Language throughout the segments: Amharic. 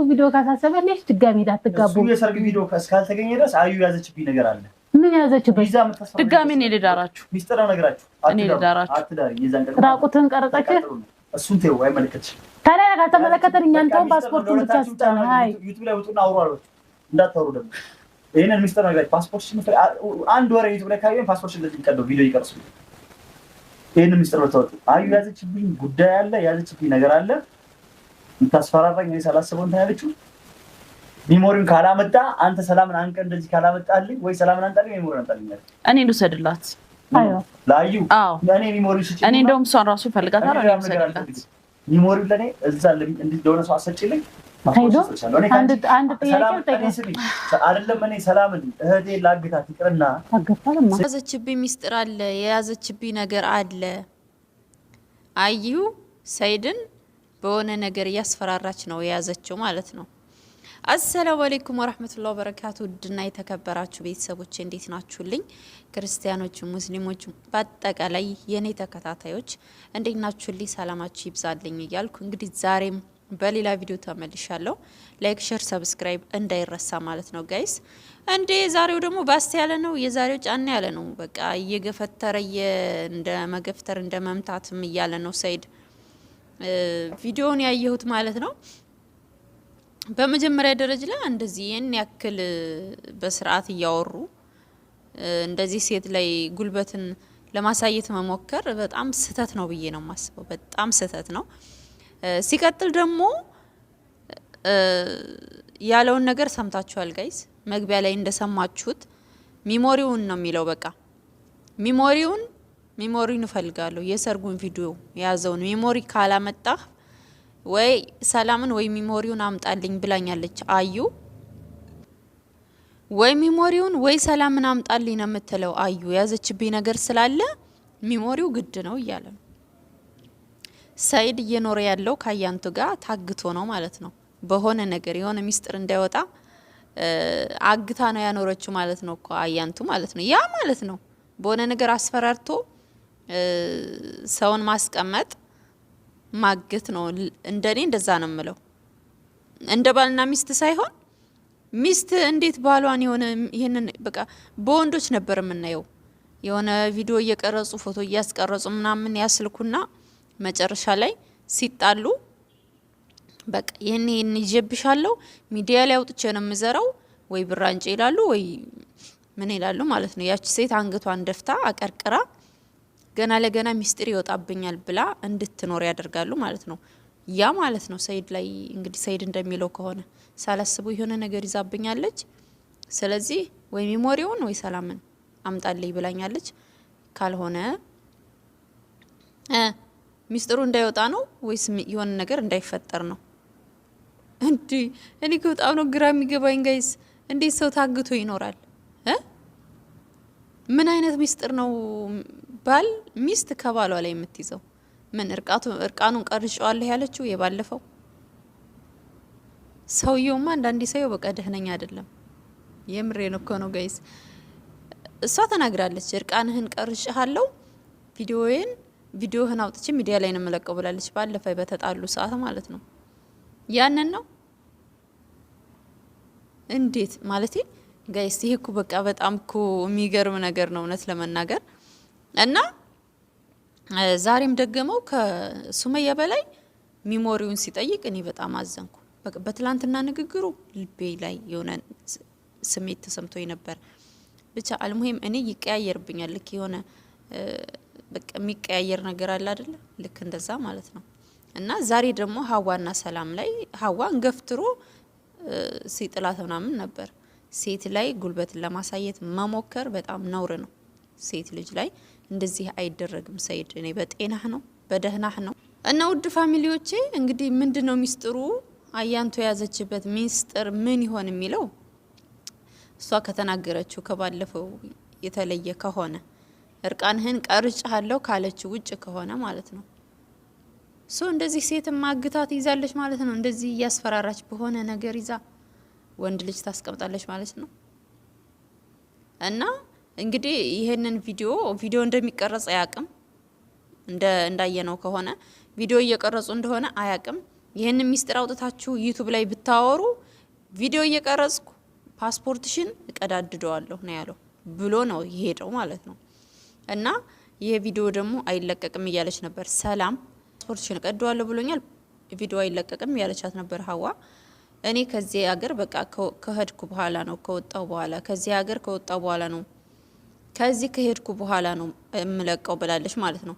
የሰርጉ ቪዲዮ ካሳሰበ ልሽ ድጋሚ ሄዳ የሰርግ ቪዲዮ እስካልተገኘ ድረስ አዩ ያዘችብኝ ነገር አለ። ምን ያዘችበት? ድጋሚ እኔ ልዳራችሁ፣ ሚስጥር እነግራችሁ፣ እኔ ልዳራችሁ። ራቁትን ቀረጸች። እሱን ተይው፣ አይመለከትሽም። ታዲያ ካልተመለከተን እኛ እንተውን ፓስፖርቱን ብቻ ስጠን። ዩቱብ ላይ ውጡና አውሩ አሏችሁ። እንዳታወሩ ደግሞ ይህንን ሚስጥር እነግራችሁ። ፓስፖርት አንድ ወር ዩቱብ ላይ ካየን ፓስፖርት እንደዚህ ቀደው ቪዲዮ ይቀርሱ። ይህንን ሚስጥር በታወጡ አዩ ያዘችብኝ ጉዳይ አለ፣ ያዘችብኝ ነገር አለ የምታስፈራራኝ ወይ ሳላስበው እንትን ያለችው ሚሞሪውን ካላመጣ አንተ ሰላምን አንቀ እንደዚህ ካላመጣልኝ ወይ ሰላምን አንጣልኝ ሚሞሪ አንጣልኛል። እኔ ልውሰድላት ላዩ እኔ ሚሞሪ ስጭኝ። እኔ እንደውም እሷን ራሱ እፈልጋታለሁ። ሚሞሪ ለእኔ እዛ እንደሆነ ሰው አሰጭልኝ። አይደለም እኔ ሰላምን እህቴ ላግታት ፍቅርና የያዘችብኝ ሚስጥር አለ፣ የያዘችብኝ ነገር አለ። አዩ ሰይድን በሆነ ነገር እያስፈራራች ነው የያዘችው ማለት ነው። አሰላሙ አሌይኩም ወረህመቱላህ ወበረካቱ። ውድና የተከበራችሁ ቤተሰቦች እንዴት ናችሁልኝ? ክርስቲያኖች፣ ሙስሊሞች በአጠቃላይ የእኔ ተከታታዮች እንዴት ናችሁልኝ? ሰላማችሁ ይብዛልኝ እያልኩ እንግዲህ ዛሬም በሌላ ቪዲዮ ተመልሻለሁ። ላይክ፣ ሼር፣ ሰብስክራይብ እንዳይረሳ ማለት ነው ጋይስ። እንዴ ዛሬው ደግሞ ባስ ያለ ነው፣ የዛሬው ጫና ያለ ነው። በቃ እየገፈተረ እንደ መገፍተር እንደ መምታትም እያለ ነው ሰይድ ቪዲዮውን ያየሁት ማለት ነው። በመጀመሪያ ደረጃ ላይ እንደዚህ ይህን ያክል በስርዓት እያወሩ እንደዚህ ሴት ላይ ጉልበትን ለማሳየት መሞከር በጣም ስህተት ነው ብዬ ነው የማስበው። በጣም ስህተት ነው። ሲቀጥል ደግሞ ያለውን ነገር ሰምታችኋል ጋይስ። መግቢያ ላይ እንደሰማችሁት ሚሞሪውን ነው የሚለው። በቃ ሚሞሪውን ሜሞሪን እፈልጋለሁ። የሰርጉን ቪዲዮ የያዘውን ሜሞሪ ካላመጣ ወይ ሰላምን ወይ ሜሞሪውን አምጣልኝ ብላኛለች አዩ። ወይ ሚሞሪውን ወይ ሰላምን አምጣልኝ ነው የምትለው አዩ። የያዘችብኝ ነገር ስላለ ሚሞሪው ግድ ነው እያለ ነው። ሰይድ እየኖረ ያለው ከአያንቱ ጋር ታግቶ ነው ማለት ነው። በሆነ ነገር የሆነ ሚስጥር እንዳይወጣ አግታ ነው ያኖረችው ማለት ነው እኮ አያንቱ ማለት ነው። ያ ማለት ነው በሆነ ነገር አስፈራርቶ ሰውን ማስቀመጥ ማግት ነው። እንደኔ እንደዛ ነው የምለው። እንደ ባልና ሚስት ሳይሆን ሚስት እንዴት ባሏን የሆነ ይህንን በቃ በወንዶች ነበር የምናየው የሆነ ቪዲዮ እየቀረጹ ፎቶ እያስቀረጹ ምናምን ያስልኩና መጨረሻ ላይ ሲጣሉ በቃ ይህን ይህን ይዤብሻለሁ ሚዲያ ላይ አውጥቼ ነው የምዘረው ወይ ብራንጭ ይላሉ ወይ ምን ይላሉ ማለት ነው። ያቺ ሴት አንገቷን ደፍታ አቀርቅራ ገና ለገና ሚስጢር ይወጣብኛል ብላ እንድትኖር ያደርጋሉ ማለት ነው። ያ ማለት ነው ሰይድ ላይ እንግዲህ ሰይድ እንደሚለው ከሆነ ሳላስበው የሆነ ነገር ይዛብኛለች፣ ስለዚህ ወይ ሚሞሪውን ወይ ሰላምን አምጣልኝ ብላኛለች። ካልሆነ ሚስጥሩ እንዳይወጣ ነው ወይስ የሆነ ነገር እንዳይፈጠር ነው? እንዲ እኔ በጣም ነው ግራ የሚገባኝ ጋይስ። እንዴት ሰው ታግቶ ይኖራል? ምን አይነት ሚስጥር ነው ባል ሚስት ከባሏ ላይ የምትይዘው ምን እርቃኑን ቀርጨዋለሁ ያለችው የባለፈው ሰውየውማ አንዳንዴ ሰውየው በቃ ደህነኛ አይደለም። የምሬን እኮ ነው ጋይስ። እሷ ተናግራለች፣ እርቃንህን ቀርጭሃለው ቪዲዮዬን ቪዲዮህን አውጥቼ ሚዲያ ላይ ነው የምለቀው ብላለች። ባለፈ በተጣሉ ሰዓት ማለት ነው። ያንን ነው እንዴት ማለት ጋይስ። ይሄ እኮ በቃ በጣም እኮ የሚገርም ነገር ነው እውነት ለመናገር እና ዛሬም ደገመው ከሱመያ በላይ ሚሞሪውን ሲጠይቅ እኔ በጣም አዘንኩ። በትላንትና ንግግሩ ልቤ ላይ የሆነ ስሜት ተሰምቶ ነበር። ብቻ አልሙሄም እኔ ይቀያየርብኛል። ልክ የሆነ በቃ የሚቀያየር ነገር አለ አደለ? ልክ እንደዛ ማለት ነው። እና ዛሬ ደግሞ ሀዋና ሰላም ላይ ሀዋን ገፍትሮ ሲጥላት ምናምን ነበር። ሴት ላይ ጉልበትን ለማሳየት መሞከር በጣም ነውር ነው። ሴት ልጅ ላይ እንደዚህ አይደረግም። ሰይድ እኔ በጤናህ ነው በደህናህ ነው። እና ውድ ፋሚሊዎቼ እንግዲህ ምንድን ነው ሚስጥሩ አያንቱ የያዘችበት ሚስጥር ምን ይሆን የሚለው እሷ ከተናገረችው ከባለፈው የተለየ ከሆነ እርቃንህን ቀርጭሃለሁ ካለችው ውጭ ከሆነ ማለት ነው ሶ እንደዚህ ሴትም ማግታት ይዛለች ማለት ነው። እንደዚህ እያስፈራራች በሆነ ነገር ይዛ ወንድ ልጅ ታስቀምጣለች ማለት ነው እና እንግዲህ ይሄንን ቪዲዮ ቪዲዮ እንደሚቀረጽ አያቅም። እንደ እንዳየነው ከሆነ ቪዲዮ እየቀረጹ እንደሆነ አያቅም። ይህንን ሚስጥር አውጥታችሁ ዩቱብ ላይ ብታወሩ ቪዲዮ እየቀረጽኩ ፓስፖርትሽን እቀዳድደዋለሁ ነው ያለው ብሎ ነው የሄደው ማለት ነው። እና ይሄ ቪዲዮ ደግሞ አይለቀቅም እያለች ነበር ሰላም። ፓስፖርትሽን እቀደዋለሁ ብሎኛል፣ ቪዲዮ አይለቀቅም እያለቻት ነበር ሀዋ። እኔ ከዚህ ሀገር በቃ ከሄድኩ በኋላ ነው ከወጣው በኋላ ከዚህ ሀገር ከወጣው በኋላ ነው ከዚህ ከሄድኩ በኋላ ነው የምለቀው ብላለች ማለት ነው።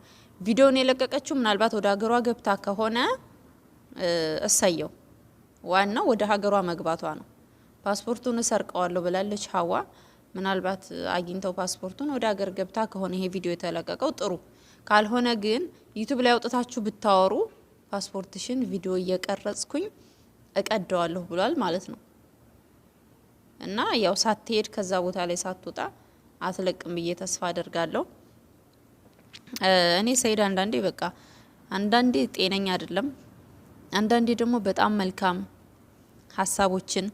ቪዲዮን የለቀቀችው ምናልባት ወደ ሀገሯ ገብታ ከሆነ እሰየው፣ ዋናው ወደ ሀገሯ መግባቷ ነው። ፓስፖርቱን እሰርቀዋለሁ ብላለች ሀዋ። ምናልባት አግኝተው ፓስፖርቱን ወደ ሀገር ገብታ ከሆነ ይሄ ቪዲዮ የተለቀቀው ጥሩ፣ ካልሆነ ግን ዩቱብ ላይ አውጥታችሁ ብታወሩ ፓስፖርትሽን ቪዲዮ እየቀረጽኩኝ እቀደዋለሁ ብሏል ማለት ነው። እና ያው ሳትሄድ ከዛ ቦታ ላይ ሳትወጣ አትለቅም ብዬ ተስፋ አደርጋለሁ። እኔ ሰይድ አንዳንዴ በቃ አንዳንዴ ጤነኛ አይደለም፣ አንዳንዴ ደግሞ በጣም መልካም ሀሳቦችን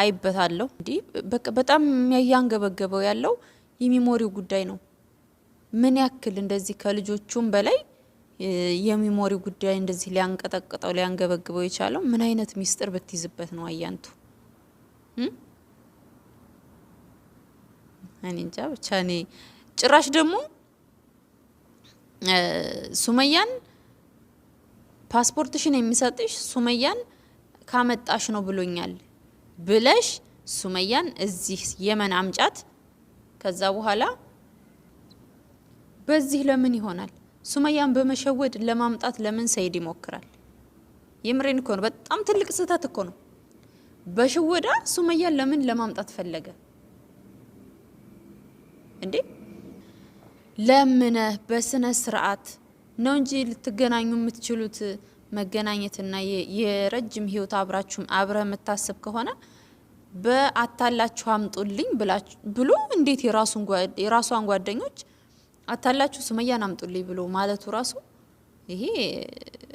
አይበታለሁ። እንዲህ በቃ በጣም የሚያንገበገበው ያለው የሚሞሪው ጉዳይ ነው። ምን ያክል እንደዚህ ከልጆቹም በላይ የሚሞሪ ጉዳይ እንደዚህ ሊያንቀጠቅጠው ሊያንገበግበው የቻለው ምን አይነት ሚስጥር ብትይዝበት ነው አያንቱ እኔ እንጃ ብቻ እኔ ጭራሽ ደግሞ ሱመያን ፓስፖርትሽን የሚሰጥሽ ሱመያን ካመጣሽ ነው ብሎኛል ብለሽ ሱመያን እዚህ የመን አምጫት። ከዛ በኋላ በዚህ ለምን ይሆናል? ሱመያን በመሸወድ ለማምጣት ለምን ሰይድ ይሞክራል? የምሬን እኮ ነው። በጣም ትልቅ ስህተት እኮ ነው። በሽወዳ ሱመያን ለምን ለማምጣት ፈለገ? እንዴ ለምነህ በስነ ስርዓት ነው እንጂ ልትገናኙ የምትችሉት። መገናኘትና የረጅም ህይወት አብራችሁም አብረህ የምታስብ ከሆነ በአታላችሁ አምጡልኝ ብሎ እንዴት የራሷን ጓደኞች አታላችሁ ሱመያን አምጡልኝ ብሎ ማለቱ ራሱ ይሄ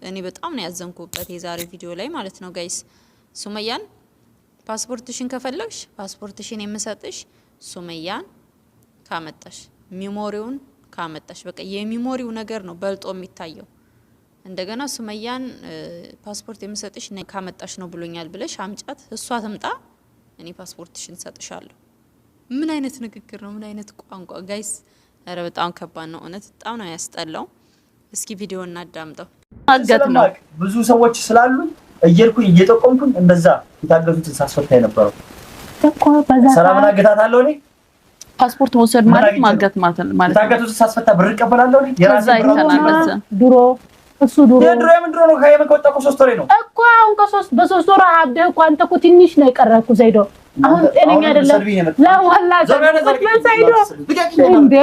እኔ በጣም ነው ያዘንኩበት የዛሬ ቪዲዮ ላይ ማለት ነው። ጋይስ ሱመያን ፓስፖርትሽን ከፈለግሽ ፓስፖርትሽን የምሰጥሽ ሱመያን ካመጣሽ ሚሞሪውን ካመጣሽ በቃ የሚሞሪው ነገር ነው በልጦ የሚታየው። እንደገና ሱመያን ፓስፖርት የምሰጥሽ ካመጣሽ ነው ብሎኛል ብለሽ አምጫት፣ እሷ ትምጣ፣ እኔ ፓስፖርትሽን እሰጥሻለሁ። ምን አይነት ንግግር ነው? ምን አይነት ቋንቋ ጋይስ! ኧረ በጣም ከባድ ነው እውነት፣ በጣም ነው ያስጠላው። እስኪ ቪዲዮ እናዳምጠው። ማገት ብዙ ሰዎች ስላሉ እየልኩኝ እየጠቆምኩኝ እንደዛ የታገዙትን ሳስፈታ የነበረው ሰላምና ግታት አለው እኔ ፓስፖርት መውሰድ ማለት ማገት ማለት ነው። ታገቱ ሳስፈታ ብር እቀበላለሁ የራሴ ድሮ እሱ ድሮ የድሮ የምን ድሮ ነው? ከየመን እኮ ሶስት ወሬ ነው እኮ አሁን ከሶስት በሶስት ወር እኮ አንተ እኮ ትንሽ ነው የቀረኩ ዘይዶ። አሁን ጤነኛ አይደለም ዘይዶ እንዴ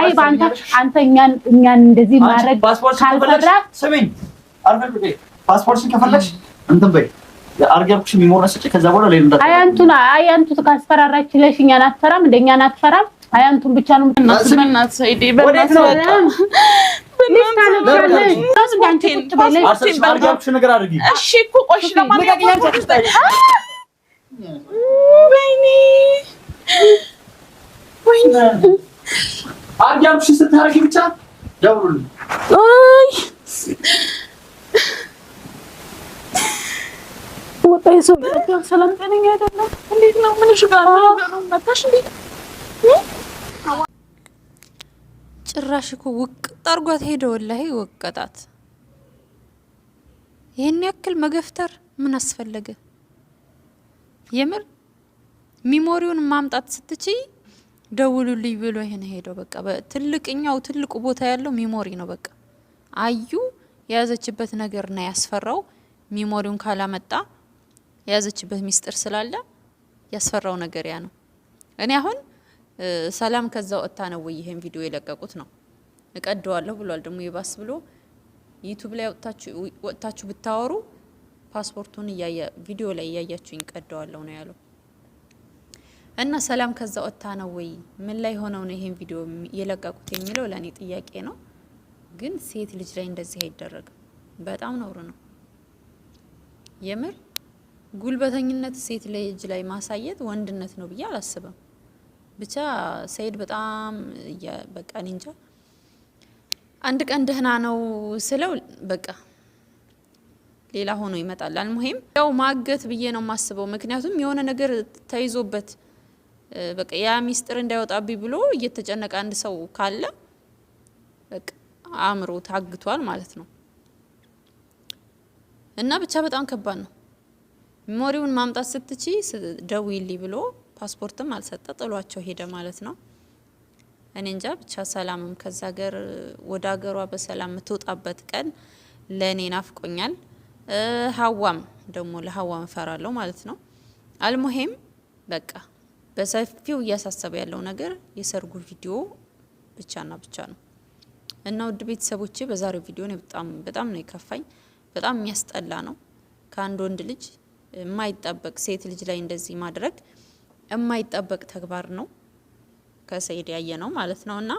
አይ በአንተ አንተ እኛን እኛን እንደዚህ ማድረግ ካልፈራ ስሚኝ፣ አልፈልግ ፓስፖርት ከፈለግሽ እንትን በይ አርጋኩሽ የሚሞራ ሰጪ ከዛ በኋላ ላይ እንዳታ አያንቱን አያንቱ ካስፈራራች ለሽ እኛን አትፈራም፣ እንደኛን አትፈራም። አያንቱን ብቻ ነው ምትናስመናት ሰይዴ በእናት በጣም ብቻ ወጣ የሰው ኢትዮጵያን ሰላም ጤነኛ አይደለም። እንዴት ነው? ምንሽ ጋር ነው? መታሽ እንዴ? ጭራሽ እኮ ውቅጥ አርጓት ሄደ። ወላሂ ወቀጣት። ይህን ያክል መገፍተር ምን አስፈለገ? የምር ሚሞሪውን ማምጣት ስትችይ ደውሉልኝ ብሎ ይህን ሄደው በቃ በትልቅኛው ትልቁ ቦታ ያለው ሚሞሪ ነው። በቃ አዩ የያዘችበት ነገር ነው ያስፈራው። ሚሞሪውን ካላመጣ የያዘችበት ሚስጥር ስላለ ያስፈራው ነገር ያ ነው። እኔ አሁን ሰላም ከዛ ወጥታ ነው ወይ ይሄን ቪዲዮ የለቀቁት ነው እቀደዋለሁ ብሏል። ደግሞ የባስ ብሎ ዩቱብ ላይ ወጥታችሁ ብታወሩ ፓስፖርቱን ቪዲዮ ላይ እያያችሁኝ ቀደዋለሁ ነው ያለው። እና ሰላም ከዛ ወጥታ ነው ወይ ምን ላይ ሆነው ነው ይሄን ቪዲዮ የለቀቁት የሚለው ለእኔ ጥያቄ ነው። ግን ሴት ልጅ ላይ እንደዚህ አይደረግም። በጣም ነውር ነው የምር ጉልበተኝነት ሴት ላይ እጅ ላይ ማሳየት ወንድነት ነው ብዬ አላስብም። ብቻ ሰይድ በጣም በቃ እንጃ አንድ ቀን ደህና ነው ስለው በቃ ሌላ ሆኖ ይመጣል። አልሙሄም ያው ማገት ብዬ ነው የማስበው። ምክንያቱም የሆነ ነገር ተይዞበት በቃ ያ ሚስጥር እንዳይወጣብኝ ብሎ እየተጨነቀ አንድ ሰው ካለ በቃ አእምሮ ታግቷል ማለት ነው። እና ብቻ በጣም ከባድ ነው። ሜሞሪውን ማምጣት ስትቺ ደዊሊ ብሎ ፓስፖርትም አልሰጠ ጥሏቸው ሄደ ማለት ነው። እኔ እንጃ ብቻ ሰላምም ከዛ ሀገር ወደ ሀገሯ በሰላም የምትወጣበት ቀን ለእኔ ናፍቆኛል። ሀዋም ደግሞ ለሀዋ እፈራለሁ ማለት ነው። አልሙሄም በቃ በሰፊው እያሳሰበ ያለው ነገር የሰርጉ ቪዲዮ ብቻና ብቻ ነው እና ውድ ቤተሰቦቼ በዛሬው ቪዲዮ በጣም በጣም ነው የከፋኝ። በጣም የሚያስጠላ ነው ከአንድ ወንድ ልጅ የማይጠበቅ ሴት ልጅ ላይ እንደዚህ ማድረግ የማይጠበቅ ተግባር ነው። ከሰይድ ያየ ነው ማለት ነው። እና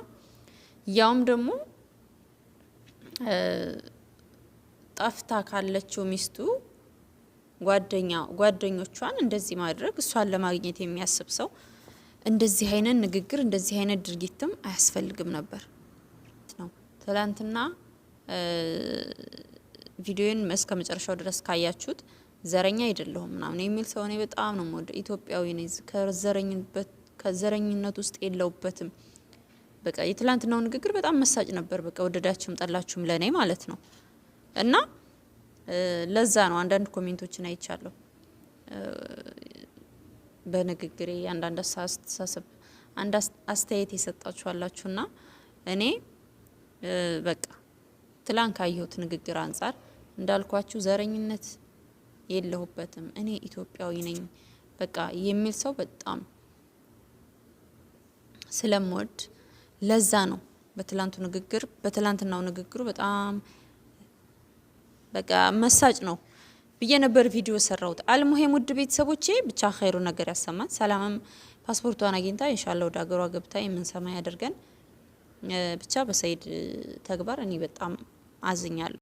ያውም ደግሞ ጠፍታ ካለችው ሚስቱ ጓደኛ ጓደኞቿን እንደዚህ ማድረግ እሷን ለማግኘት የሚያስብ ሰው እንደዚህ አይነት ንግግር እንደዚህ አይነት ድርጊትም አያስፈልግም ነበር ነው። ትላንትና ቪዲዮን እስከ መጨረሻው ድረስ ካያችሁት ዘረኛ አይደለሁም ምናምን የሚል ሰው እኔ በጣም ነው ወደ ኢትዮጵያዊ ነኝ። ከዘረኝነት ከዘረኝነት ውስጥ የለውበትም። በቃ የትላንትናው ንግግር በጣም መሳጭ ነበር። በቃ ወደዳችሁም ጠላችሁም ለእኔ ማለት ነው። እና ለዛ ነው አንዳንድ ኮሜንቶችን አይቻለሁ በንግግሬ አንዳንድ አስተሳሰብ አንድ አስተያየት የሰጣችኋላችሁና እኔ በቃ ትላንት ካየሁት ንግግር አንጻር እንዳልኳችሁ ዘረኝነት የለሁበትም እኔ ኢትዮጵያዊ ነኝ በቃ የሚል ሰው በጣም ስለምወድ ለዛ ነው በትላንቱ ንግግር በትላንትናው ንግግሩ በጣም በቃ መሳጭ ነው ብዬ ነበር ቪዲዮ ሰራሁት። አልሙሄም ውድ ቤተሰቦቼ ብቻ ኸይሩ ነገር ያሰማን። ሰላምም ፓስፖርቷን አግኝታ ኢንሻላ ወደ ሀገሯ ገብታ የምንሰማ ያደርገን። ብቻ በሰይድ ተግባር እኔ በጣም አዝኛለሁ።